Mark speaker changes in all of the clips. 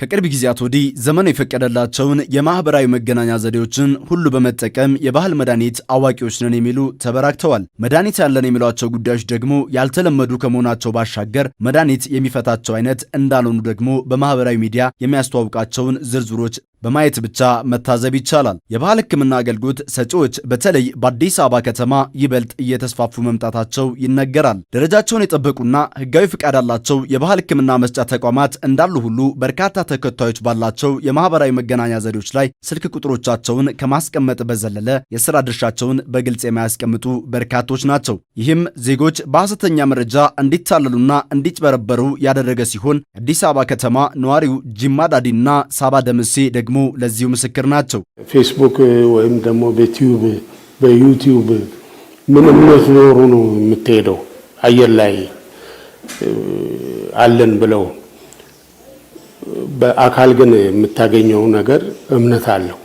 Speaker 1: ከቅርብ ጊዜያት ወዲህ ዘመኑ የፈቀደላቸውን የማህበራዊ መገናኛ ዘዴዎችን ሁሉ በመጠቀም የባህል መድኃኒት አዋቂዎች ነን የሚሉ ተበራክተዋል። መድኃኒት ያለን የሚሏቸው ጉዳዮች ደግሞ ያልተለመዱ ከመሆናቸው ባሻገር መድኃኒት የሚፈታቸው አይነት እንዳልሆኑ ደግሞ በማህበራዊ ሚዲያ የሚያስተዋውቃቸውን ዝርዝሮች በማየት ብቻ መታዘብ ይቻላል። የባህል ሕክምና አገልግሎት ሰጪዎች በተለይ በአዲስ አበባ ከተማ ይበልጥ እየተስፋፉ መምጣታቸው ይነገራል። ደረጃቸውን የጠበቁና ሕጋዊ ፍቃድ ያላቸው የባህል ሕክምና መስጫ ተቋማት እንዳሉ ሁሉ በርካታ ተከታዮች ባላቸው የማህበራዊ መገናኛ ዘዴዎች ላይ ስልክ ቁጥሮቻቸውን ከማስቀመጥ በዘለለ የስራ ድርሻቸውን በግልጽ የማያስቀምጡ በርካቶች ናቸው። ይህም ዜጎች በሐሰተኛ መረጃ እንዲታለሉና እንዲጭበረበሩ ያደረገ ሲሆን አዲስ አበባ ከተማ ነዋሪው ጂማ ዳዲና ሳባ ደምሴ ደግሞ ደግሞ ለዚሁ ምስክር ናቸው።
Speaker 2: ፌስቡክ ወይም ደግሞ በቲዩብ በዩቲዩብ ምን እምነት ኖሩ ነው የምትሄደው አየር ላይ አለን ብለው በአካል ግን የምታገኘው ነገር እምነት አለው።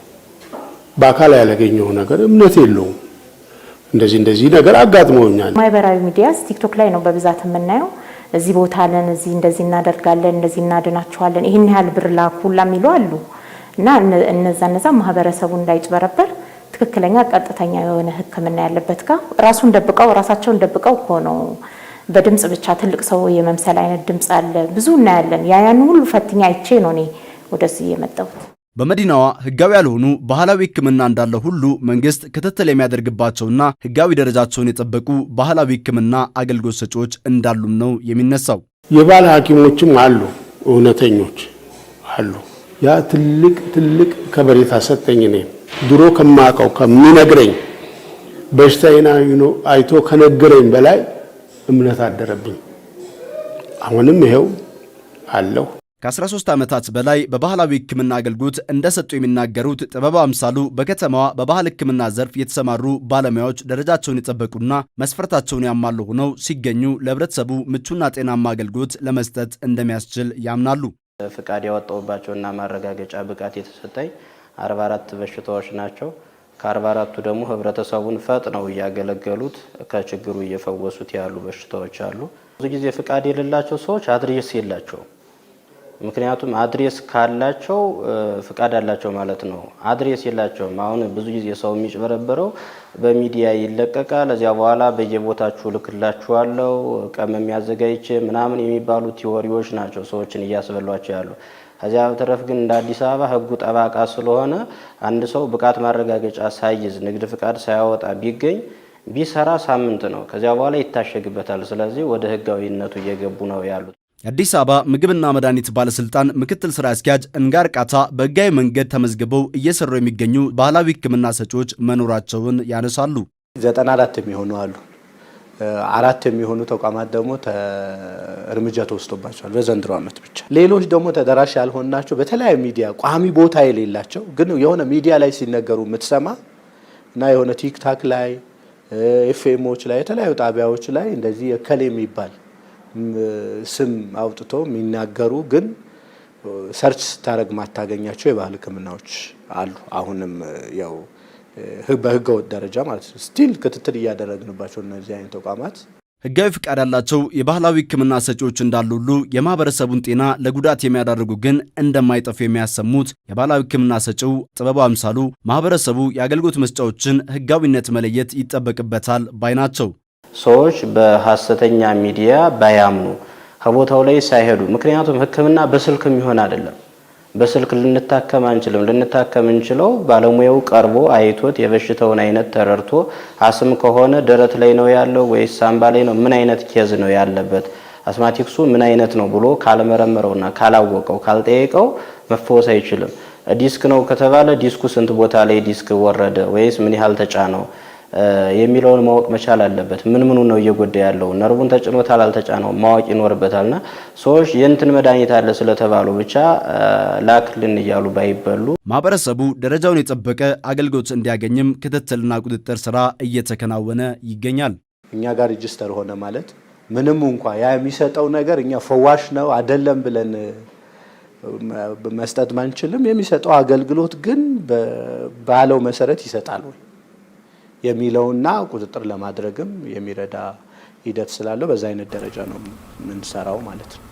Speaker 2: በአካል ያላገኘው ነገር እምነት የለውም። እንደዚህ እንደዚህ ነገር አጋጥመውኛል።
Speaker 3: ማህበራዊ ሚዲያስ ቲክቶክ ላይ ነው በብዛት የምናየው። እዚህ ቦታ አለን፣ እዚህ እንደዚህ እናደርጋለን፣ እንደዚህ እናድናችኋለን፣ ይህን ያህል ብር ላኩ ሁላ የሚሉ አሉ። እና እነዛ እነዛ ማህበረሰቡ እንዳይጭበረበር ትክክለኛ ቀጥተኛ የሆነ ሕክምና ያለበት ጋር ራሱን ደብቀው ራሳቸውን ደብቀው እኮ ነው በድምፅ ብቻ ትልቅ ሰው የመምሰል አይነት ድምፅ አለ፣ ብዙ እናያለን። ያያን ሁሉ ፈትኛ አይቼ ነው እኔ ወደዚህ የመጣሁት።
Speaker 1: በመዲናዋ ህጋዊ ያልሆኑ ባህላዊ ህክምና እንዳለ ሁሉ መንግስት ክትትል የሚያደርግባቸውና ህጋዊ ደረጃቸውን የጠበቁ ባህላዊ ህክምና አገልግሎት ሰጪዎች እንዳሉም ነው የሚነሳው።
Speaker 2: የባህል ሐኪሞችም አሉ፣ እውነተኞች አሉ። ያ ትልቅ ትልቅ ከበሬታ ሰጠኝ። እኔ ድሮ ከማውቀው ከሚነግረኝ በሽታዬን አይቶ ከነገረኝ በላይ እምነት አደረብኝ። አሁንም ይኸው አለሁ።
Speaker 1: ከ13 ዓመታት በላይ በባህላዊ ሕክምና አገልግሎት እንደሰጡ የሚናገሩት ጥበብ አምሳሉ በከተማዋ በባህል ሕክምና ዘርፍ የተሰማሩ ባለሙያዎች ደረጃቸውን የጠበቁና መስፈርታቸውን ያማሉ ሆነው ሲገኙ ለህብረተሰቡ ምቹና ጤናማ አገልግሎት ለመስጠት እንደሚያስችል ያምናሉ።
Speaker 4: ፍቃድ እና ማረጋገጫ ብቃት የተሰጠኝ አርባ አራት በሽታዎች ናቸው። ከአርባ አራቱ ደግሞ ህብረተሰቡን ፈጥነው እያገለገሉት ከችግሩ እየፈወሱት ያሉ በሽታዎች አሉ። ብዙ ጊዜ ፍቃድ የሌላቸው ሰዎች አድሬስ የላቸውም። ምክንያቱም አድሬስ ካላቸው ፍቃድ አላቸው ማለት ነው። አድሬስ የላቸውም። አሁን ብዙ ጊዜ ሰው የሚጭበረበረው በሚዲያ ይለቀቃል። እዚያ በኋላ በየቦታችሁ ልክላችኋለሁ ቀመም የሚያዘጋጅ ምናምን የሚባሉ ቲዎሪዎች ናቸው ሰዎችን እያስበሏቸው ያሉ። ከዚያ በተረፍ ግን እንደ አዲስ አበባ ህጉ ጠባቃ ስለሆነ አንድ ሰው ብቃት ማረጋገጫ ሳይዝ ንግድ ፍቃድ ሳያወጣ ቢገኝ ቢሰራ ሳምንት ነው። ከዚያ በኋላ ይታሸግበታል። ስለዚህ ወደ ህጋዊነቱ እየገቡ ነው ያሉት።
Speaker 1: የአዲስ አበባ ምግብና መድኃኒት ባለስልጣን ምክትል ስራ አስኪያጅ እንጋር ቃታ በህጋዊ መንገድ ተመዝግበው እየሰሩ የሚገኙ ባህላዊ ህክምና ሰጪዎች መኖራቸውን ያነሳሉ።
Speaker 5: ዘጠና አራት የሚሆኑ አሉ። አራት የሚሆኑ ተቋማት ደግሞ እርምጃ ተወስዶባቸዋል በዘንድሮ ዓመት ብቻ። ሌሎች ደግሞ ተደራሽ ያልሆንናቸው በተለያዩ ሚዲያ ቋሚ ቦታ የሌላቸው ግን የሆነ ሚዲያ ላይ ሲነገሩ የምትሰማ እና የሆነ ቲክታክ ላይ ኤፍኤሞች ላይ የተለያዩ ጣቢያዎች ላይ እንደዚህ እከሌ የሚባል ስም አውጥቶ የሚናገሩ ግን ሰርች ስታደረግ ማታገኛቸው የባህል ሕክምናዎች አሉ። አሁንም ያው በህገወጥ ደረጃ ማለት ነው። ስቲል ክትትል እያደረግንባቸው እነዚህ አይነት ተቋማት
Speaker 1: ህጋዊ ፍቃድ ያላቸው የባህላዊ ህክምና ሰጪዎች እንዳሉ ሁሉ የማህበረሰቡን ጤና ለጉዳት የሚያዳርጉ ግን እንደማይጠፉ የሚያሰሙት የባህላዊ ህክምና ሰጪው ጥበቡ አምሳሉ ማህበረሰቡ የአገልግሎት መስጫዎችን ህጋዊነት መለየት ይጠበቅበታል ባይ ናቸው።
Speaker 4: ሰዎች በሀሰተኛ ሚዲያ ባያምኑ ከቦታው ላይ ሳይሄዱ ምክንያቱም ህክምና በስልክም ይሆን አይደለም። በስልክ ልንታከም አንችልም። ልንታከም እንችለው ባለሙያው ቀርቦ አይቶት የበሽታውን አይነት ተረድቶ አስም ከሆነ ደረት ላይ ነው ያለው ወይስ ሳምባ ላይ ነው፣ ምን አይነት ኬዝ ነው ያለበት፣ አስማቲክሱ ምን አይነት ነው ብሎ ካልመረመረውና ካላወቀው ካልጠየቀው መፈወስ አይችልም። ዲስክ ነው ከተባለ ዲስኩ ስንት ቦታ ላይ ዲስክ ወረደ ወይስ ምን ያህል ተጫነው የሚለውን ማወቅ መቻል አለበት። ምን ምኑ ነው እየጎዳ ያለው? ነርቡን ተጭኖታል አልተጫነው ማወቅ ይኖርበታልና ሰዎች የእንትን መድኃኒት አለ ስለተባሉ ብቻ ላክልን እያሉ ባይበሉ
Speaker 1: ማህበረሰቡ ደረጃውን የጠበቀ አገልግሎት እንዲያገኝም ክትትልና ቁጥጥር ስራ እየተከናወነ ይገኛል።
Speaker 6: እኛ ጋር ሬጅስተር ሆነ ማለት ምንም እንኳ ያ የሚሰጠው ነገር እኛ ፈዋሽ ነው አይደለም ብለን መስጠት ማንችልም። የሚሰጠው አገልግሎት ግን ባለው መሰረት ይሰጣል ወይ የሚለውና ቁጥጥር ለማድረግም የሚረዳ ሂደት ስላለው በዛ አይነት ደረጃ ነው የምንሰራው ማለት ነው።